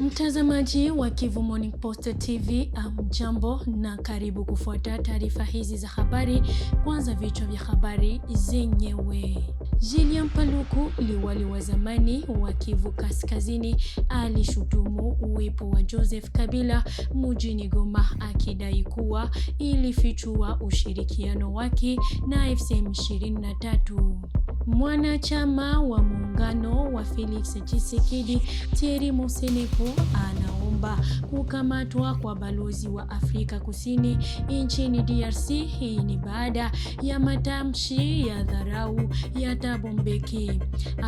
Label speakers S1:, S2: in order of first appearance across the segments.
S1: Mtazamaji wa Kivu Morning Post TV, mjambo na karibu kufuata taarifa hizi za habari. Kwanza vichwa vya habari zenyewe. Julien Paluku, liwali wa zamani wa Kivu Kaskazini, alishutumu uwepo wa Joseph Kabila mjini Goma, akidai kuwa ilifichua ushirikiano wake na AFC M23. Mwanachama wa muungano wa Felix Tshisekedi Thierry mosenepo anaomba kukamatwa kwa balozi wa Afrika Kusini nchini DRC. Hii ni baada ya matamshi ya dharau ya Thabo Mbeki.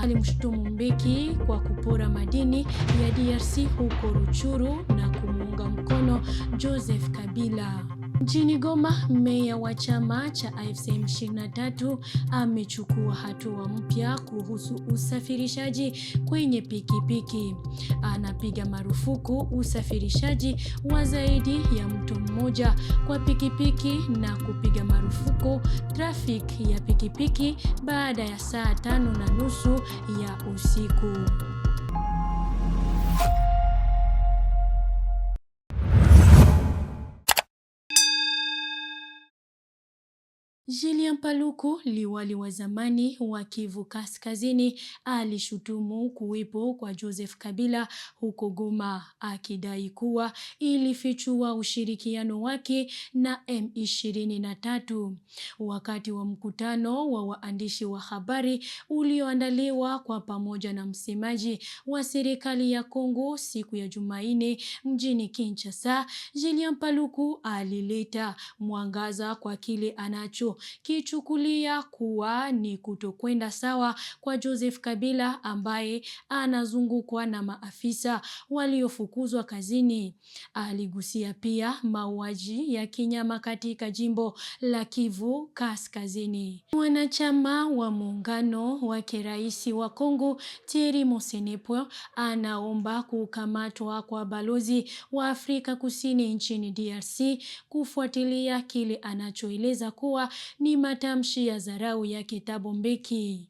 S1: Alimshutumu Mbeki kwa kupora madini ya DRC huko Ruchuru na kumuunga mkono Joseph Kabila. Mjini Goma, meya wa chama cha AFC M23 amechukua hatua mpya kuhusu usafirishaji kwenye pikipiki. Anapiga marufuku usafirishaji wa zaidi ya mtu mmoja kwa pikipiki na kupiga marufuku trafiki ya pikipiki baada ya saa tano na nusu ya usiku. Julien Paluku, liwali wa zamani wa Kivu Kaskazini, alishutumu kuwepo kwa Joseph Kabila huko Goma, akidai kuwa ilifichua ushirikiano wake na M23. Wakati wa mkutano wa waandishi wa habari ulioandaliwa kwa pamoja na msemaji wa serikali ya Kongo siku ya Jumanne mjini Kinshasa, Julien Paluku alileta mwangaza kwa kile anacho kichukulia kuwa ni kutokwenda sawa kwa Joseph Kabila ambaye anazungukwa na maafisa waliofukuzwa kazini. Aligusia pia mauaji ya kinyama katika jimbo la Kivu Kaskazini. Mwanachama wa muungano wake rais wa Kongo Thierry Mosenepo anaomba kukamatwa kwa balozi wa Afrika Kusini nchini DRC kufuatilia kile anachoeleza kuwa ni matamshi ya dharau ya kitabu Mbeki.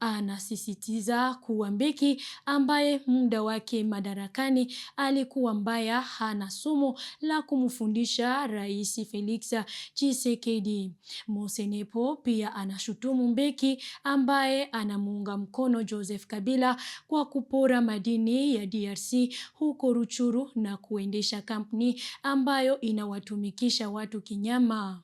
S1: Anasisitiza kuwa Mbeki ambaye muda wake madarakani alikuwa mbaya, hana somo la kumfundisha Rais Felix Tshisekedi. Mosenepo pia anashutumu Mbeki ambaye anamuunga mkono Joseph Kabila kwa kupora madini ya DRC huko Ruchuru na kuendesha kampuni ambayo inawatumikisha watu kinyama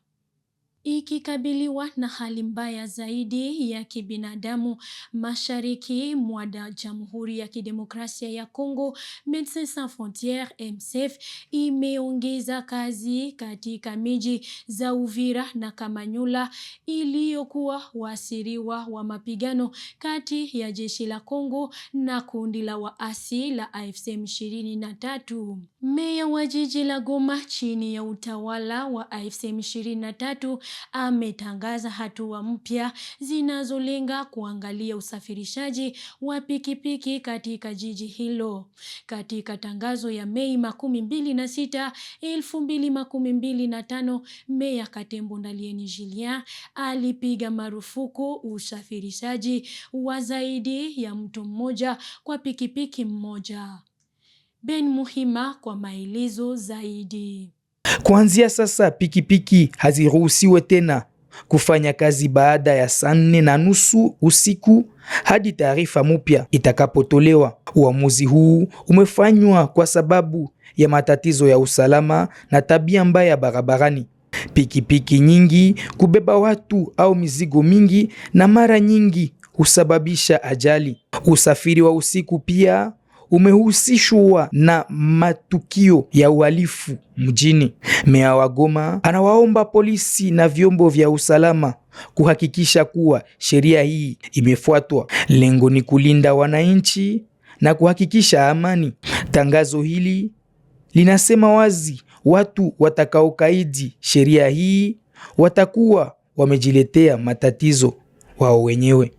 S1: ikikabiliwa na hali mbaya zaidi ya kibinadamu mashariki mwa Jamhuri ya Kidemokrasia ya Kongo. Medecins Sans Frontieres MSF imeongeza kazi katika miji za Uvira na Kamanyola iliyokuwa waasiriwa wa mapigano kati ya jeshi la Kongo na kundi la waasi la AFC M23. Meya wa jiji la Goma chini ya utawala wa AFC M23 ametangaza hatua mpya zinazolenga kuangalia usafirishaji wa pikipiki katika jiji hilo. Katika tangazo ya Mei makumi mbili na sita elfu mbili makumi mbili na tano Meya Katembo Ndalieni Julien alipiga marufuku usafirishaji wa zaidi ya mtu mmoja kwa pikipiki mmoja. Ben Muhima kwa maelezo zaidi.
S2: Kuanzia sasa pikipiki haziruhusiwe tena kufanya kazi baada ya saa nne na nusu usiku hadi taarifa mupya itakapotolewa. Uamuzi huu umefanywa kwa sababu ya matatizo ya usalama na tabia mbaya barabarani. Pikipiki nyingi kubeba watu au mizigo mingi na mara nyingi husababisha ajali. Usafiri wa usiku pia umehusishwa na matukio ya uhalifu mjini. Meya wa Goma anawaomba polisi na vyombo vya usalama kuhakikisha kuwa sheria hii imefuatwa. Lengo ni kulinda wananchi na kuhakikisha amani. Tangazo hili linasema wazi, watu watakaokaidi sheria hii watakuwa wamejiletea matatizo wao wenyewe.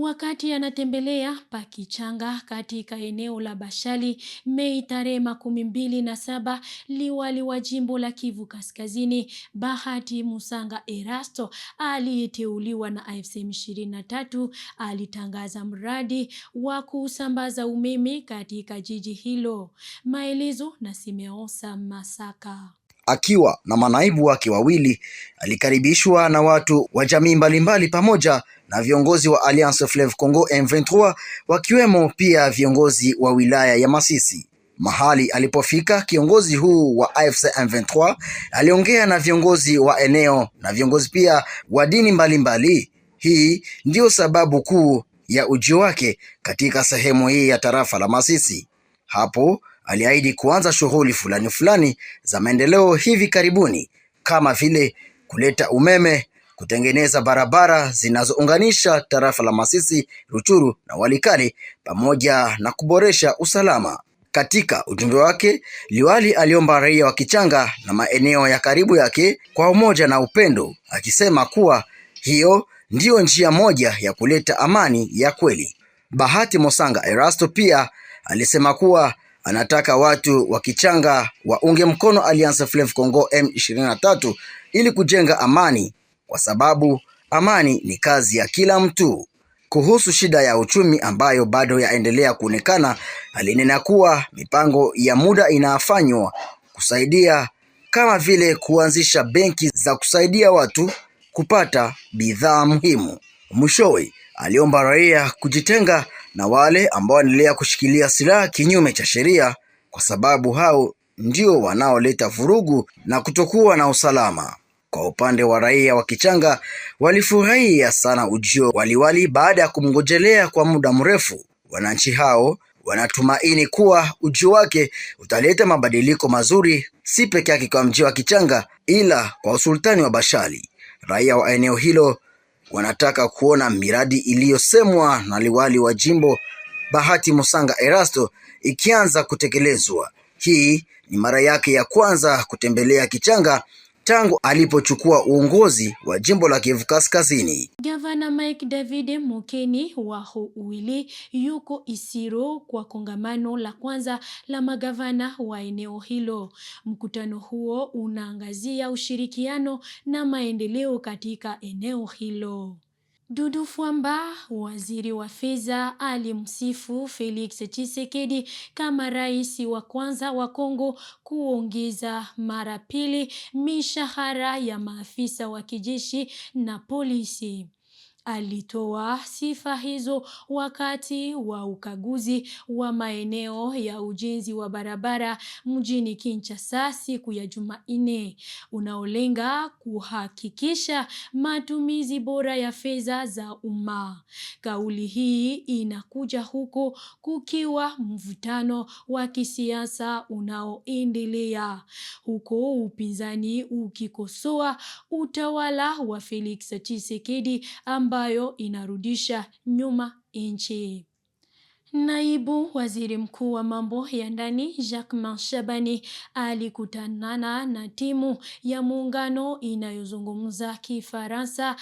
S1: Wakati anatembelea Pakichanga katika eneo la Bashali Mei tarehe makumi mbili na saba, liwali wa jimbo la Kivu Kaskazini Bahati Musanga Erasto aliyeteuliwa na AFC M23 alitangaza mradi wa kusambaza umeme katika jiji hilo. Maelezo na Simeosa Masaka
S3: akiwa na manaibu wake wawili alikaribishwa na watu wa jamii mbalimbali pamoja na viongozi wa Alliance Fleuve Congo M23 wakiwemo pia viongozi wa wilaya ya Masisi. Mahali alipofika kiongozi huu wa AFC M23 aliongea na viongozi wa eneo na viongozi pia wa dini mbalimbali Hii ndiyo sababu kuu ya ujio wake katika sehemu hii ya tarafa la Masisi hapo aliahidi kuanza shughuli fulani fulani za maendeleo hivi karibuni kama vile kuleta umeme, kutengeneza barabara zinazounganisha tarafa la Masisi, Ruchuru na Walikale pamoja na kuboresha usalama. Katika ujumbe wake, Liwali aliomba raia wa Kichanga na maeneo ya karibu yake kwa umoja na upendo, akisema kuwa hiyo ndiyo njia moja ya kuleta amani ya kweli. Bahati Mosanga Erasto pia alisema kuwa anataka watu wa Kichanga waunge mkono Alliance Fleuve Congo M23 ili kujenga amani, kwa sababu amani ni kazi ya kila mtu. Kuhusu shida ya uchumi ambayo bado yaendelea kuonekana, alinena kuwa mipango ya muda inafanywa kusaidia kama vile kuanzisha benki za kusaidia watu kupata bidhaa muhimu. Mwishowe aliomba raia kujitenga na wale ambao wanaendelea kushikilia silaha kinyume cha sheria, kwa sababu hao ndio wanaoleta vurugu na kutokuwa na usalama. Kwa upande wa raia wa Kichanga, walifurahia sana ujio waliwali baada ya kumngojelea kwa muda mrefu. Wananchi hao wanatumaini kuwa ujio wake utaleta mabadiliko mazuri, si peke yake kwa mji wa Kichanga, ila kwa usultani wa Bashali. Raia wa eneo hilo wanataka kuona miradi iliyosemwa na liwali wa jimbo Bahati Musanga Erasto ikianza kutekelezwa. Hii ni mara yake ya kwanza kutembelea Kichanga tangu alipochukua uongozi wa jimbo la Kivu Kaskazini.
S1: Gavana Mike David Mukeni wa Huili yuko Isiro kwa kongamano la kwanza la magavana wa eneo hilo. Mkutano huo unaangazia ushirikiano na maendeleo katika eneo hilo. Dudu Fwamba, waziri wa fedha, alimsifu Felix Tshisekedi kama rais wa kwanza wa Kongo kuongeza mara pili mishahara ya maafisa wa kijeshi na polisi. Alitoa sifa hizo wakati wa ukaguzi wa maeneo ya ujenzi wa barabara mjini Kinshasa siku ya Jumanne unaolenga kuhakikisha matumizi bora ya fedha za umma. Kauli hii inakuja huku kukiwa mvutano wa kisiasa unaoendelea huko upinzani ukikosoa utawala wa Felix Tshisekedi amba ambayo inarudisha nyuma nchi. Naibu Waziri Mkuu wa mambo ya ndani Jacquemain Shabani alikutanana na timu ya muungano inayozungumza Kifaransa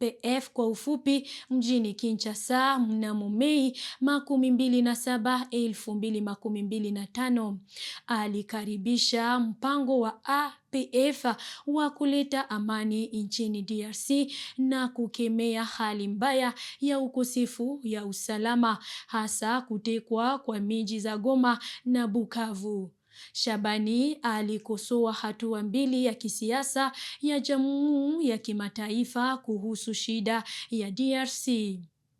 S1: PF kwa ufupi mjini Kinshasa mnamo Mei makumi mbili na saba elfu mbili makumi mbili na tano alikaribisha mpango wa APF wa kuleta amani nchini DRC na kukemea hali mbaya ya ukosefu ya usalama hasa kutekwa kwa miji za Goma na Bukavu. Shabani alikosoa hatua mbili ya kisiasa ya jamii ya kimataifa kuhusu shida ya DRC.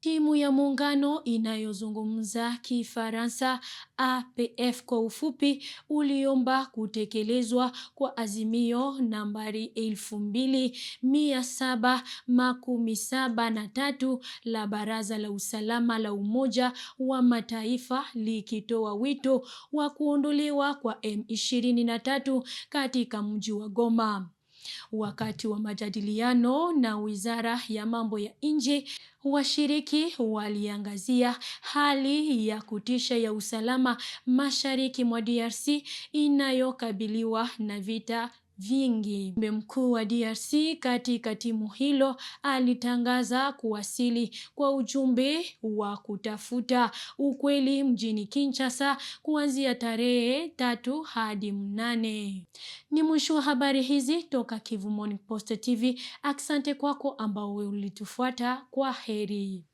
S1: Timu ya muungano inayozungumza Kifaransa APF kwa ufupi, uliomba kutekelezwa kwa azimio nambari elfu tatu la Baraza la Usalama la Umoja wa Mataifa likitoa wito wa kuondolewa kwa M 23 katika mji wa Goma. Wakati wa majadiliano na Wizara ya Mambo ya Nje, washiriki waliangazia hali ya kutisha ya usalama mashariki mwa DRC inayokabiliwa na vita vingi. Mjumbe mkuu wa DRC katika timu hilo alitangaza kuwasili kwa ujumbe wa kutafuta ukweli mjini Kinshasa kuanzia tarehe tatu hadi mnane. Ni mwisho wa habari hizi toka Kivu Morning Post TV. Asante kwako ambao ulitufuata. Kwa heri.